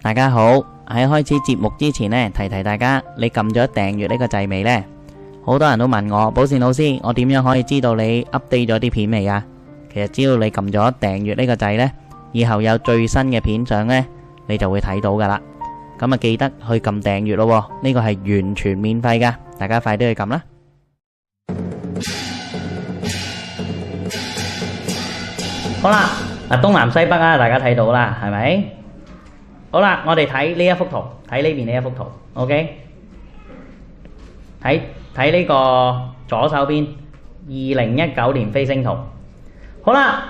大家好，喺開始節目之前呢，提提大家，你撳咗訂閱呢個掣未呢？好多人都問我，寶善老師，我點樣可以知道你 update 咗啲片未啊？其實只要你撳咗訂閱呢個掣呢，以後有最新嘅片相呢，你就會睇到噶啦。咁啊，記得去撳訂閱咯，呢個係完全免費噶，大家快啲去撳啦。好啦，啊東南西北啊，大家睇到啦，係咪？好啦，我哋睇呢一幅圖，睇呢邊呢一幅圖，OK？睇睇呢個左手邊二零一九年飛星圖。好啦，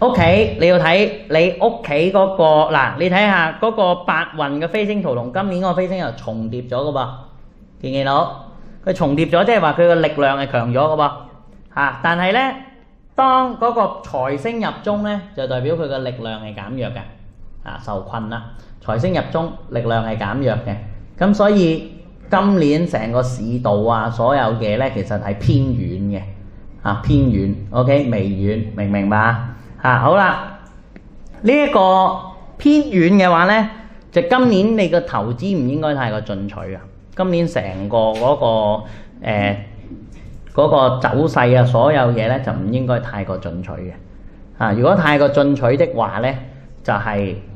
屋企你要睇你屋企嗰個嗱，你睇下嗰個白雲嘅飛星圖同今年個飛星又重疊咗噶噃，見唔見到？佢重疊咗，即係話佢個力量係強咗噶噃，吓。但係咧，當嗰個財星入中咧，就代表佢個力量係減弱嘅。啊，受困啦！財星入中，力量係減弱嘅。咁所以今年成個市道啊，所有嘢咧其實係偏軟嘅，啊偏軟，OK 微軟，明唔明白啊？好啦，呢、這、一個偏軟嘅話咧，就今年你個投資唔應該太過進取啊！今年成個嗰、那個誒嗰、呃那個走勢啊，所有嘢咧就唔應該太過進取嘅。啊，如果太過進取的話咧，就係、是、～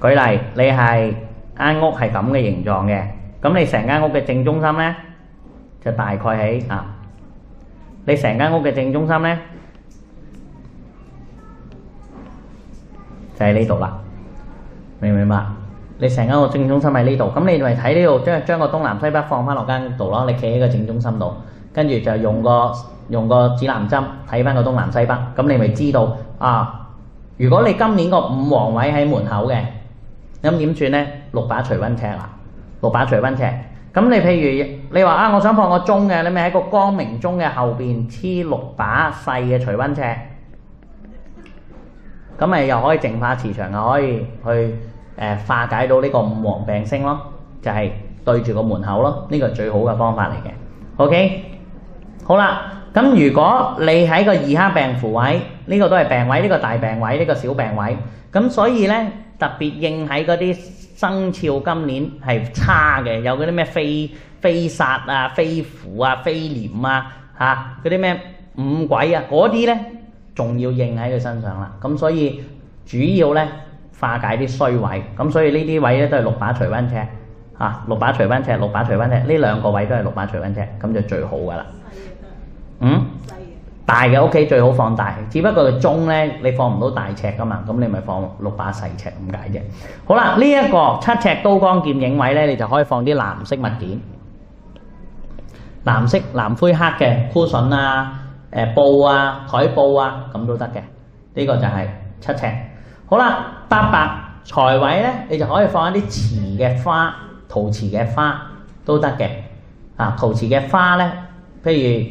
舉例，你係間屋係咁嘅形狀嘅，咁你成間屋嘅正中心咧，就大概喺啊，你成間屋嘅正中心咧，就喺呢度啦，明唔明白？你成間屋正中心喺呢度，咁你咪睇呢度將將個東南西北放翻落間度咯，你企喺個正中心度，跟住就用個用個指南針睇翻個東南西北，咁你咪知道啊？如果你今年個五黃位喺門口嘅。咁點算咧？六把除溫尺啦，六把除溫尺。咁你譬如你話啊，我想放個鐘嘅，你咪喺個光明鐘嘅後邊黐六把細嘅除溫尺，咁咪又可以淨化磁場，又可以去誒化解到呢個五黃病星咯。就係對住個門口咯，呢個最好嘅方法嚟嘅。OK，好啦。咁如果你喺個二黑病符位，呢個都係病位，呢個大病位，呢個小病位。咁所以咧。特別應喺嗰啲生肖，今年係差嘅，有嗰啲咩飛飛煞啊、飛虎啊、飛廉啊嚇，嗰啲咩五鬼啊，嗰啲咧仲要應喺佢身上啦。咁所以主要咧化解啲衰位，咁所以呢啲位咧都係六把除瘟尺嚇、啊，六把除瘟尺，六把除瘟尺，呢兩個位都係六把除瘟尺，咁就最好㗎啦。嗯？大嘅屋企最好放大，只不過中咧你放唔到大尺噶嘛，咁你咪放六把細尺咁解啫。好啦，呢一個七赤刀光劍影位咧，你就可以放啲藍色物件，藍色、藍灰黑嘅 cushion 啊，誒布啊、枱布啊，咁都得嘅。呢個就係七赤。好啦，八白財位咧，你就可以放一啲瓷嘅花、陶瓷嘅花都得嘅。啊，陶瓷嘅花咧，譬如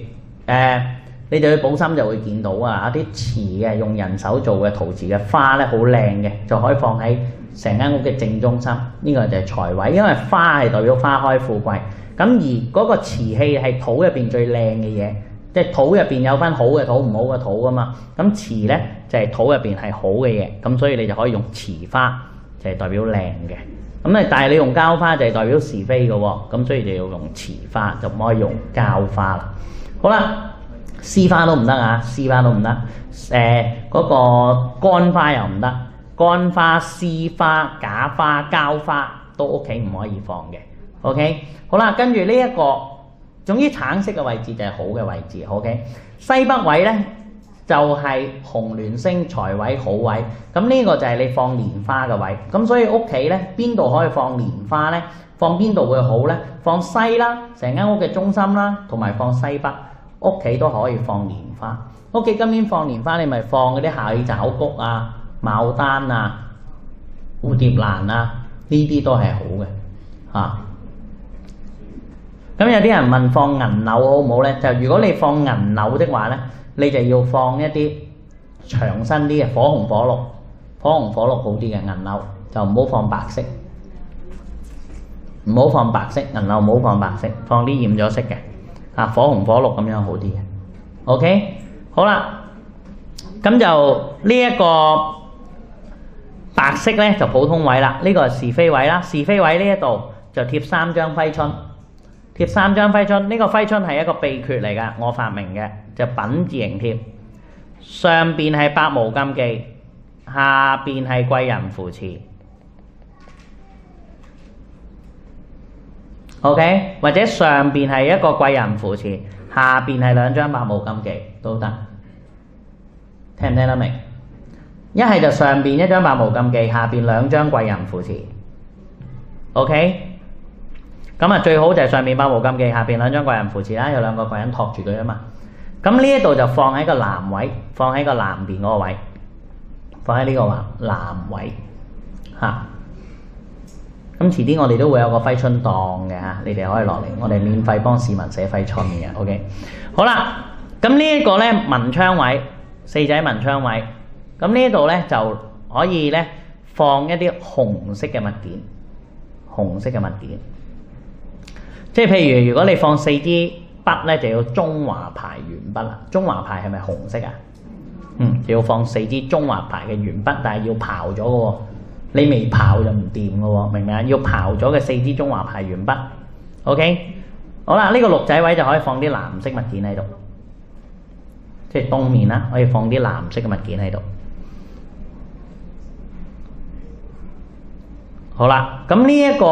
誒。你哋去寶善就會見到啊！一啲瓷嘅用人手做嘅陶瓷嘅花咧，好靚嘅，就可以放喺成間屋嘅正中心。呢個就係財位，因為花係代表花開富貴。咁而嗰個瓷器係土入邊最靚嘅嘢，即係土入邊有分好嘅土、唔好嘅土㗎嘛。咁瓷呢，就係土入邊係好嘅嘢，咁所以你就可以用瓷花，就係代表靚嘅。咁咧，但係你用膠花就係代表是非嘅喎，咁所以就要用瓷花，就唔可以用膠花啦。好啦。絲花都唔得啊！絲花都唔得。誒、呃，嗰、那個乾花又唔得，乾花、絲花、假花、膠花都屋企唔可以放嘅。OK，好啦，跟住呢一個，總之橙色嘅位置就係好嘅位置。OK，西北位呢就係、是、紅鸞星財位好位，咁呢個就係你放蓮花嘅位。咁所以屋企呢邊度可以放蓮花呢？放邊度會好呢？放西啦，成間屋嘅中心啦，同埋放西北。屋企都可以放年花。屋企今年放年花，你咪放嗰啲蟹爪菊啊、牡丹啊、蝴蝶蘭啊，呢啲都係好嘅嚇。咁有啲人問放銀柳好唔好咧？就如果你放銀柳的話咧，你就要放一啲長身啲嘅，火紅火綠、火紅火綠好啲嘅銀柳，就唔好放白色，唔好放白色銀柳，唔好放白色，放啲染咗色嘅。啊、火紅火綠咁樣好啲嘅。OK，好啦，咁就呢一個白色呢，就普通位啦。呢、這個是非位啦，是非位呢一度就貼三張揮春，貼三張揮春。呢、這個揮春係一個秘訣嚟㗎，我發明嘅就品字形貼，上邊係百無禁忌，下邊係貴人扶持。O K，或者上邊係一個貴人扶持，下邊係兩張百無禁忌都得，聽唔聽得明？一係就上邊一張百無禁忌，下邊兩張貴人扶持。O K，咁啊最好就係上邊百無禁忌，下邊兩張貴人扶持啦，有兩個貴人托住佢啊嘛。咁呢一度就放喺個南位，放喺個南邊嗰個位，放喺呢個話南位，吓。咁遲啲我哋都會有個揮春檔嘅嚇，你哋可以落嚟，我哋免費幫市民寫揮春嘅。OK，好啦，咁、這個、呢一個咧文昌位，四仔文昌位，咁呢度咧就可以咧放一啲紅色嘅物件，紅色嘅物件，即係譬如如果你放四支筆咧，就要中華牌鉛筆啦，中華牌係咪紅色啊？嗯，就要放四支中華牌嘅鉛筆，但係要刨咗嘅你未刨就唔掂嘅喎，明唔明啊？要刨咗嘅四支中華牌鉛筆。OK，好啦，呢、呢個鹿仔位就可以放啲藍色物件喺度，即係東面啦，可以放啲藍色嘅物件喺度。好啦，咁呢一個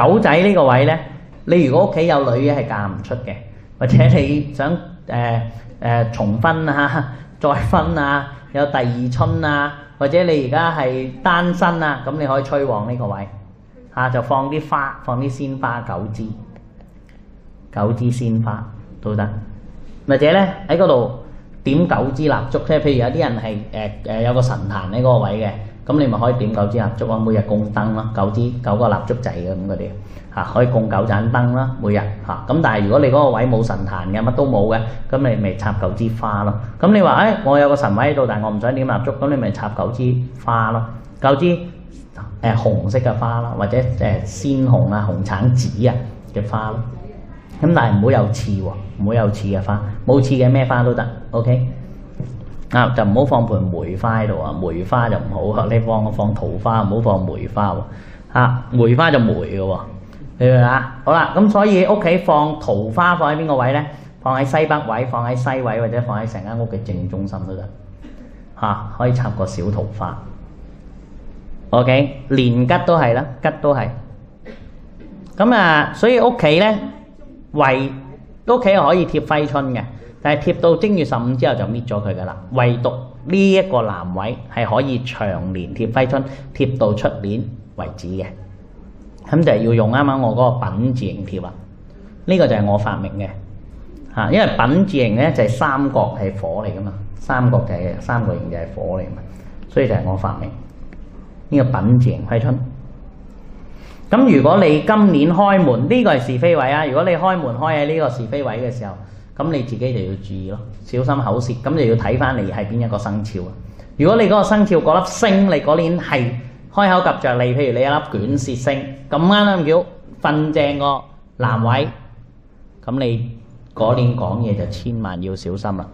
狗仔呢個位呢，你如果屋企有女嘅係嫁唔出嘅，或者你想誒誒、呃呃、重婚啊、再婚啊。有第二春啊，或者你而家係單身啊，咁你可以催旺呢個位嚇、啊，就放啲花，放啲鮮花九枝，九枝鮮花都得，或者咧喺嗰度點九枝蠟燭，即係譬如有啲人係誒誒有個神壇喺呢個位嘅。咁你咪可以點九支蠟燭咯，每日供燈咯，九支九個蠟燭仔嘅咁嗰啲，嚇可以供九盞燈啦，每日嚇。咁但係如果你嗰個位冇神壇嘅，乜都冇嘅，咁你咪插九支花咯。咁你話，誒、哎、我有個神位喺度，但係我唔想點蠟燭，咁你咪插九支花咯。九支誒、呃、紅色嘅花咯，或者誒、呃、鮮紅啊、紅橙紫啊嘅花咯。咁但係唔好有刺喎、哦，唔好有刺嘅花，冇刺嘅咩花都得，OK。啊，就唔好放盆梅花喺度啊！梅花就唔好，你放放桃花，唔好放梅花喎。嚇，梅花就梅嘅喎。你明啊，好啦，咁所以屋企放桃花放喺邊個位咧？放喺西北位，放喺西位，或者放喺成間屋嘅正中心都得。嚇，可以插個小桃花。OK，連吉都係啦，吉都係。咁啊，所以屋企咧，為，屋企可以貼揮春嘅。但係貼到正月十五之後就搣咗佢噶啦，唯獨呢一個南位係可以長年貼揮春，貼到出年為止嘅。咁就係要用啱啱我嗰個品字形貼啊，呢個就係我發明嘅嚇，因為品字形咧就係三角係火嚟噶嘛，三角就係三角形就係火嚟嘛，所以就係我發明呢個品字形揮春。咁如果你今年開門，呢個係是非位啊，如果你開門開喺呢個是非位嘅時候。咁你自己就要注意咯，小心口舌。咁就要睇翻你係邊一個生肖啊。如果你嗰個生肖嗰粒、那個、星，你嗰年係開口及着你，譬如你一粒卷舌星，咁啱啦，叫瞓正個南位。咁你嗰年講嘢就千萬要小心啦，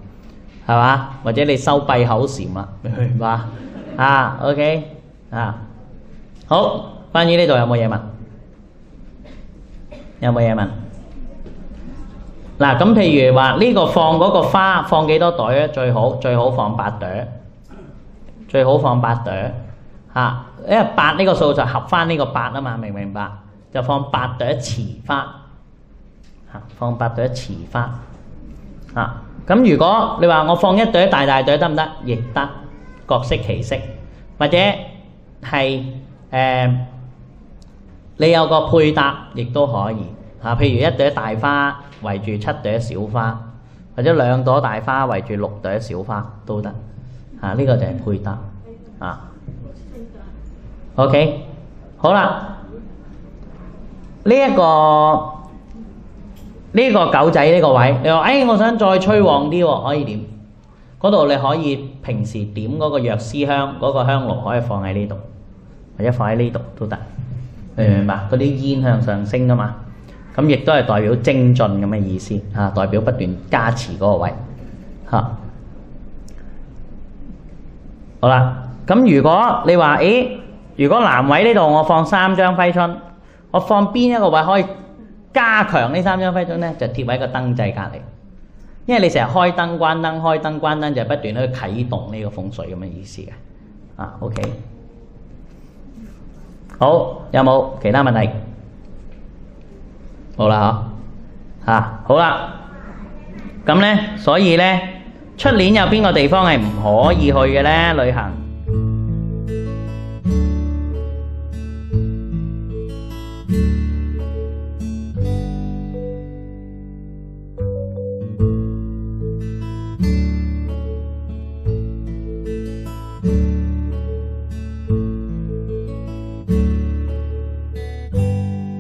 係嘛？或者你收閉口舌嘛，明嘛、 啊？啊，OK，啊，好。關於呢度有冇嘢問？有冇嘢問？嗱，咁譬如話呢個放嗰個花，放幾多朵咧？最好最好放八朵，最好放八朵嚇，因為八呢個數就合翻呢個八啊嘛，明唔明白？就放八朵瓷花嚇，放八朵瓷花嚇。咁、啊、如果你話我放一朵大大朵得唔得？亦得，各色其色，或者係誒、呃，你有個配搭亦都可以。啊，譬如一朵大花圍住七朵小花，或者兩朵大花圍住六朵小花都得。嚇、啊，呢個就係配搭。啊，OK，好啦，呢一個呢個狗仔呢個位，你話誒，我想再吹旺啲喎，可以點？嗰度你可以平時點嗰個藥師香嗰個香爐，可以放喺呢度，或者放喺呢度都得。明唔明白？嗰啲煙向上升噶嘛。咁亦都係代表精進咁嘅意思，嚇、啊、代表不斷加持嗰個位，嚇、啊、好啦。咁、嗯、如果你話，誒、欸，如果南位呢度我放三張揮春，我放邊一個位可以加強呢三張揮春咧？就貼喺個燈掣隔籬，因為你成日開燈、關燈、開燈、關燈，就是、不斷咧去啟動呢個風水咁嘅意思嘅，啊，OK，好，有冇其他問題？好啦，吓、啊，好啦，咁咧，所以咧，出年有邊個地方係唔可以去嘅咧？旅行？